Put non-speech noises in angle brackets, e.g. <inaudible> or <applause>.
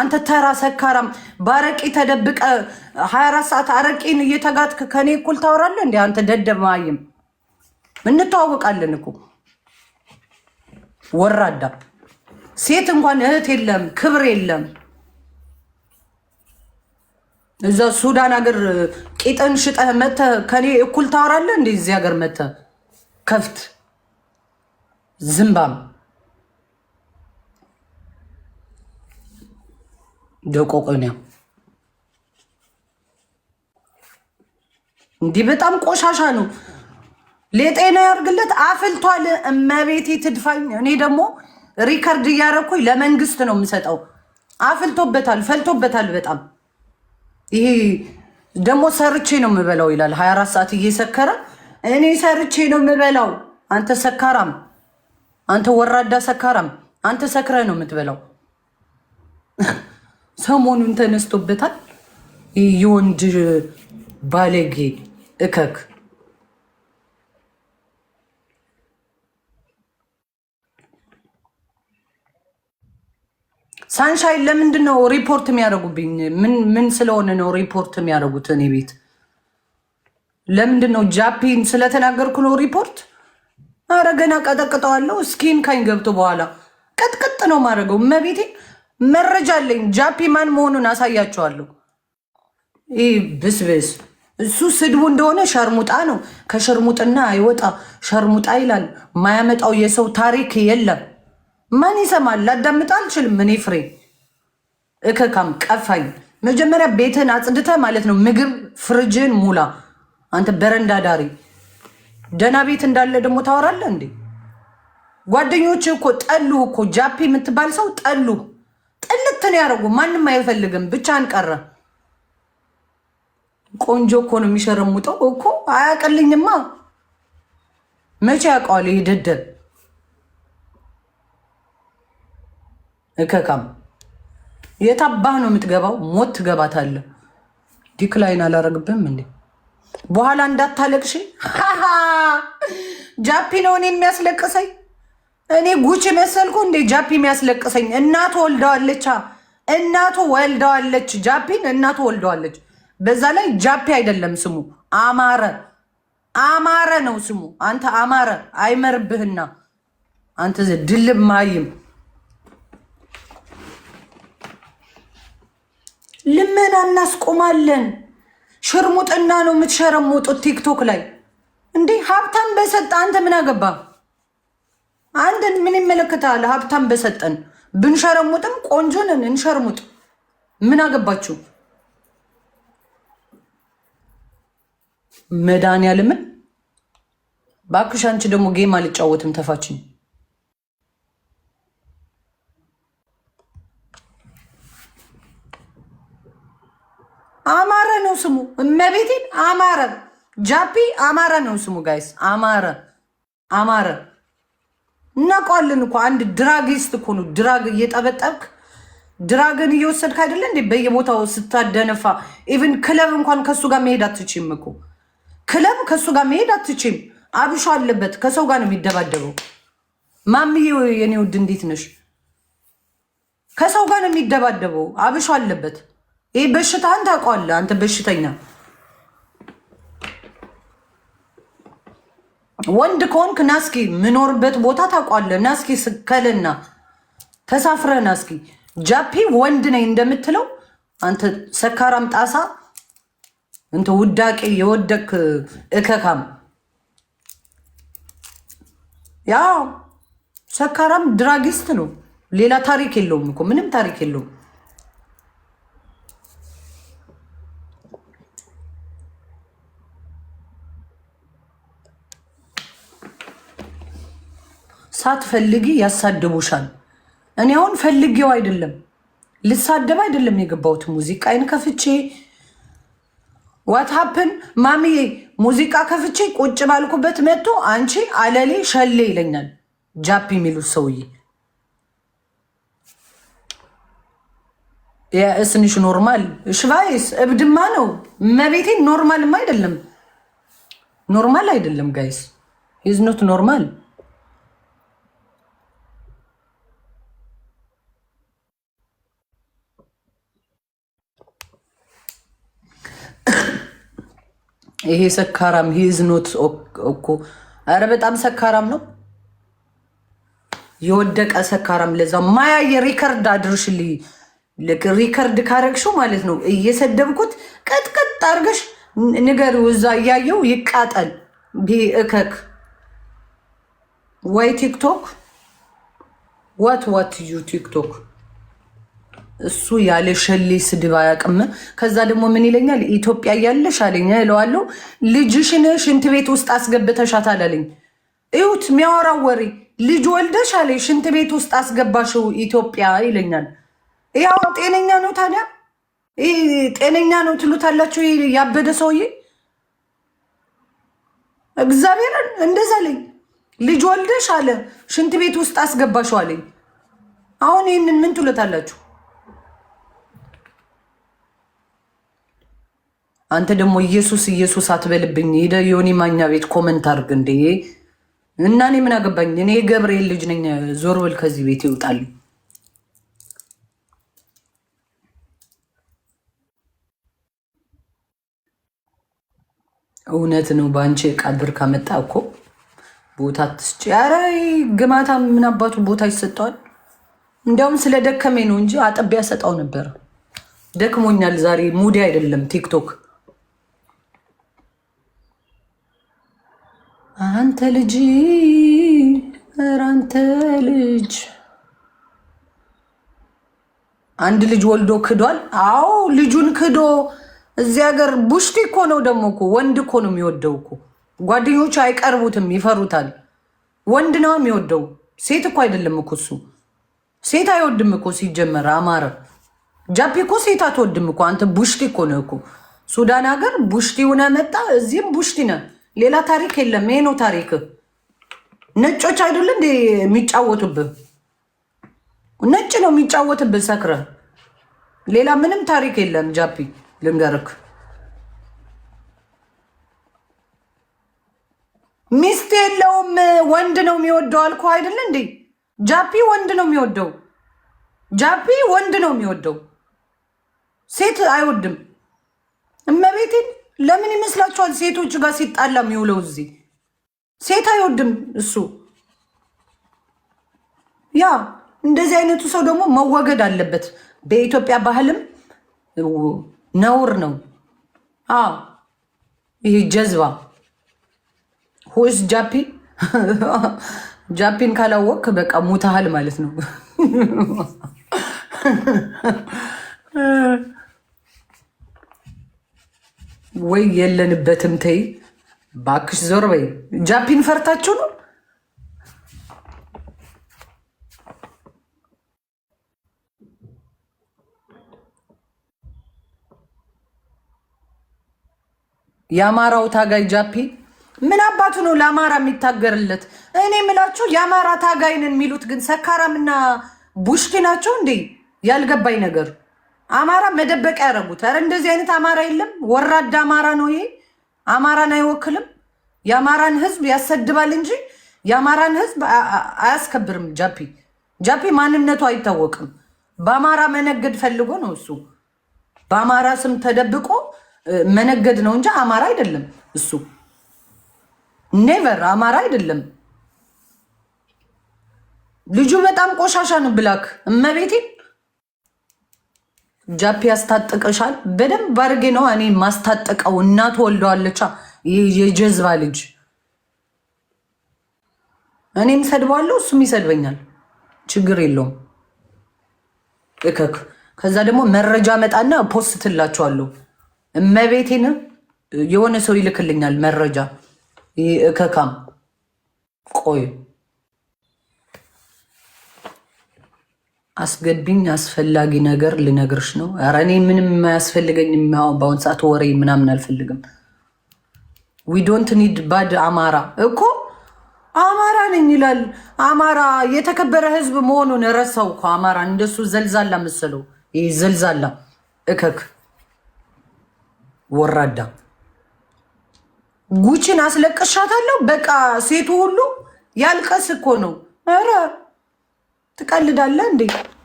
አንተ ተራ ሰካራም በአረቂ ተደብቀ 24 ሰዓት አረቂን እየተጋጥክ ከኔ እኩል ታወራለህ እንዴ? አንተ ደደብ ማይም እንተዋወቃለን እኮ ወራዳ ሴት እንኳን እህት የለም፣ ክብር የለም። እዛ ሱዳን ሀገር ቂጥን ሽጠህ መተህ ከኔ እኩል ታወራለህ እንዴ? እዚህ ሀገር መተህ ከፍት ዝምባም ደቆቆኒያ እንዲህ በጣም ቆሻሻ ነው። ለጤና ያርግለት። አፍልቷል። እመቤቴ ትድፋኝ። እኔ ደግሞ ሪከርድ እያረኩኝ ለመንግስት ነው የምሰጠው። አፍልቶበታል፣ ፈልቶበታል። በጣም ይሄ ደግሞ ሰርቼ ነው የምበላው ይላል። 24 ሰዓት እየሰከረ እኔ ሰርቼ ነው የምበላው። አንተ ሰካራም፣ አንተ ወራዳ ሰካራም፣ አንተ ሰክረ ነው የምትበላው። ሰሞኑን ተነስቶበታል። የወንድ ባለጌ እከክ ሳንሻይን ለምንድን ነው ሪፖርት የሚያደርጉብኝ? ምን ስለሆነ ነው ሪፖርት የሚያደርጉት? እኔ ቤት ለምንድን ነው ጃፒን ስለተናገርኩ ነው ሪፖርት? አረ ገና ቀጠቅጠዋለሁ። ስኪን ካኝ ገብቶ በኋላ ቀጥቅጥ ነው ማድረገው መቤቴ መረጃ አለኝ። ጃፒ ማን መሆኑን አሳያቸዋለሁ። ይህ ብስብስ እሱ ስድቡ እንደሆነ ሸርሙጣ ነው። ከሸርሙጥና አይወጣ ሸርሙጣ ይላል። ማያመጣው የሰው ታሪክ የለም። ማን ይሰማል? ላዳምጣ አልችልም። እኔ ፍሬ እከካም ቀፋኝ። መጀመሪያ ቤትን አጽድተ ማለት ነው። ምግብ ፍርጅን ሙላ። አንተ በረንዳ ዳሪ ደህና ቤት እንዳለ ደግሞ ታወራለህ እንዴ? ጓደኞች እኮ ጠሉ እኮ ጃፒ የምትባል ሰው ጠሉ ጥንትን ያደርጉ ማንም አይፈልግም። ብቻን ቀረ። ቆንጆ እኮ ነው የሚሸረሙጠው እኮ አያውቅልኝማ። መቼ ያውቀዋል? ይሄ ደደብ እከካም የታባህ ነው የምትገባው። ሞት ትገባታለህ። ዲክላይን አላረግብም እንዴ? በኋላ እንዳታለቅሽ ጃፒ ነው እኔ የሚያስለቅሰኝ። እኔ ጉች መሰልኩ እንዴ ጃፒ የሚያስለቅሰኝ? እናቱ ወልደዋለች፣ እናቱ ወልደዋለች፣ ጃፒን እናቱ ወልደዋለች። በዛ ላይ ጃፒ አይደለም ስሙ አማረ፣ አማረ ነው ስሙ። አንተ አማረ አይመርብህና አንተ ድልብ ማይም ልመና እናስቆማለን። ሽርሙጥና ነው የምትሸረሙጡት ቲክቶክ ላይ እንዴ ሀብታም በሰጠ አንተ ምን አገባ? አንድን ምን ይመለከታል? ሀብታም በሰጠን ብንሸረሙጥም ቆንጆ ነን እንሸርሙጥ። ምን አገባችሁ? መድኃኒዓለምን እባክሽ። አንቺ ደግሞ ጌም አልጫወትም ተፋችን አማረ ነው ስሙ። እመቤቴን አማረ ጃፒ አማረ ነው ስሙ። ጋይስ አማረ አማረ እናውቀዋለን እኮ አንድ ድራግስት እኮ ነው። ድራግ እየጠበጠብክ ድራግን እየወሰድክ አይደለ እንዴ? በየቦታው ስታደነፋ። ኢቭን ክለብ እንኳን ከሱ ጋር መሄድ አትችም እኮ ክለብ ከሱ ጋር መሄድ አትችም። አብሾ አለበት። ከሰው ጋር ነው የሚደባደበው። ማምዬ የኔ ውድ እንዴት ነሽ? ከሰው ጋር ነው የሚደባደበው። አብሾ አለበት። ይህ አንተ ታውቀዋለህ አንተ በሽተኛ ወንድ ከሆንክ ናስኪ ምኖርበት ቦታ ታውቋለህ። ናስኪ ስከልና ተሳፍረህ ናስኪ ጃፒ ወንድ ነኝ እንደምትለው አንተ ሰካራም ጣሳ እንተ ውዳቄ የወደክ እከካም ያው ሰካራም ድራጊስት ነው። ሌላ ታሪክ የለውም እኮ ምንም ታሪክ የለውም። ሳትፈልጊ ያሳድቡሻል። እኔ አሁን ፈልጌው አይደለም ልሳደብ አይደለም የገባሁት። ሙዚቃዬን ከፍቼ ዋት ሀፕን ማሚዬ ሙዚቃ ከፍቼ ቁጭ ባልኩበት መጥቶ አንቺ አለሌ ሸሌ ይለኛል። ጃፒ የሚሉት ሰውዬ የእስንሽ ኖርማል ሽቫይስ እብድማ ነው መቤቴ። ኖርማልም አይደለም ኖርማል አይደለም ጋይስ ይዝኖት ኖርማል ይሄ ሰካራም ሂዝ ኖት እኮ አረ በጣም ሰካራም ነው። የወደቀ ሰካራም ለዛ ማያየ ሪከርድ አድርሽልኝ። ሪከርድ ካረግሽው ማለት ነው እየሰደብኩት ቀጥቀጥ አርገሽ ንገር እዛ እያየው ይቃጠል እከክ ወይ ቲክቶክ ዋት ዋት ዩ ቲክቶክ እሱ ያለ ሸሌ ስድብ አያውቅም። ከዛ ደግሞ ምን ይለኛል? ኢትዮጵያ እያለሽ አለኝ እለዋለሁ። ልጅሽን ሽንት ቤት ውስጥ አስገብተሻት አላለኝ። እዩት ሚያወራው ወሬ። ልጅ ወልደሽ አለ ሽንት ቤት ውስጥ አስገባሽው ኢትዮጵያ ይለኛል። ያው ጤነኛ ነው ታዲያ ጤነኛ ነው ትሉታላችሁ? ያበደ ሰውዬ እግዚአብሔርን እንደዛ አለኝ። ልጅ ወልደሽ አለ ሽንት ቤት ውስጥ አስገባሽው አለኝ። አሁን ይህንን ምን ትሉታላችሁ? አንተ ደግሞ ኢየሱስ ኢየሱስ አትበልብኝ። ሄደ የሆነ ማኛ ቤት ኮመንት አርግ እንዴ! እና እኔ ምን አገባኝ? እኔ የገብርኤል ልጅ ነኝ። ዞር ብል ከዚህ ቤት ይውጣል። እውነት ነው። በአንቺ ዕቃ ከመጣ ካመጣ እኮ ቦታ ትስጭ። ኧረ ግማታ ምን አባቱ ቦታ ይሰጠዋል? እንዲያውም ስለ ደከሜ ነው እንጂ አጠቢያ ሰጠው ነበር። ደክሞኛል ዛሬ ሙዲ አይደለም ቲክቶክ አንተ ልጅ አንተ ልጅ አንድ ልጅ ወልዶ ክዷል። አዎ ልጁን ክዶ እዚህ ሀገር ቡሽቲ እኮ ነው። ደግሞ እኮ ወንድ እኮ ነው የሚወደው እኮ ጓደኞቹ አይቀርቡትም፣ ይፈሩታል። ወንድ ነው የሚወደው፣ ሴት እኮ አይደለም እኮ እሱ ሴት አይወድም እኮ ሲጀመር። አማረ ጃፒ እኮ ሴት አትወድም እኮ። አንተ ቡሽቲ እኮ ነው እኮ ሱዳን ሀገር ቡሽቲ ሆነ መጣ፣ እዚህም ቡሽቲ ነህ። ሌላ ታሪክ የለም። ይሄ ነው ታሪክ። ነጮች አይደለ እንዴ የሚጫወቱብህ ነጭ ነው የሚጫወትብህ ሰክረ ሌላ ምንም ታሪክ የለም። ጃፒ ልንገርክ፣ ሚስት የለውም ወንድ ነው የሚወደው አልኩህ አይደለ እንዴ? ጃፒ ወንድ ነው የሚወደው። ጃፒ ወንድ ነው የሚወደው፣ ሴት አይወድም። እመቤቴን ለምን ይመስላችኋል ሴቶች ጋር ሲጣላ የሚውለው? እዚህ ሴት አይወድም እሱ። ያ እንደዚህ አይነቱ ሰው ደግሞ መወገድ አለበት። በኢትዮጵያ ባህልም ነውር ነው። አዎ ይሄ ጀዝባ ሆስ ጃፒ ጃፒን ካላወቅ በቃ ሙታሃል ማለት ነው። <laughs> ወይ የለንበትም ተይ ባክሽ ዞር በይ። ጃፒን ፈርታችሁ ነው? የአማራው ታጋይ ጃፒ ምን አባቱ ነው ለአማራ የሚታገርለት? እኔ ምላችሁ የአማራ ታጋይንን የሚሉት ግን ሰካራምና ቡሽኪ ናቸው እንዴ? ያልገባኝ ነገር አማራ መደበቂያ ያደረጉት። ኧረ እንደዚህ አይነት አማራ የለም። ወራዳ አማራ ነው ይሄ። አማራን አይወክልም። የአማራን ህዝብ ያሰድባል እንጂ የአማራን ህዝብ አያስከብርም። ጃፒ ጃፒ ማንነቱ አይታወቅም። በአማራ መነገድ ፈልጎ ነው እሱ። በአማራ ስም ተደብቆ መነገድ ነው እንጂ አማራ አይደለም እሱ። ኔቨር አማራ አይደለም ልጁ። በጣም ቆሻሻ ነው ብላክ እመቤቴ ጃፒ ያስታጠቀሻል። በደንብ አድርጌ ነው እኔ ማስታጠቀው። እናት ወልደዋለቻ የጀዝባ ልጅ። እኔም ሰድባለሁ፣ እሱም ይሰድበኛል። ችግር የለውም እከክ። ከዛ ደግሞ መረጃ መጣና ፖስት ትላቸዋለሁ። እመቤቴን የሆነ ሰው ይልክልኛል መረጃ እከካም ቆይ አስገድኝ አስፈላጊ ነገር ልነግርሽ ነው። ኧረ እኔ ምንም የማያስፈልገኝ በአሁን ሰዓት ወሬ ምናምን አልፈልግም። ዊ ዶንት ኒድ ባድ አማራ እኮ አማራ ነኝ ይላል። አማራ የተከበረ ህዝብ መሆኑን ረሳው እኮ አማራ። እንደሱ ዘልዛላ መሰለው። ይህ ዘልዛላ እከክ ወራዳ ጉችን አስለቅሻታለሁ። በቃ ሴቱ ሁሉ ያልቀስ እኮ ነው ኧረ ትቀልዳለህ እንዴ?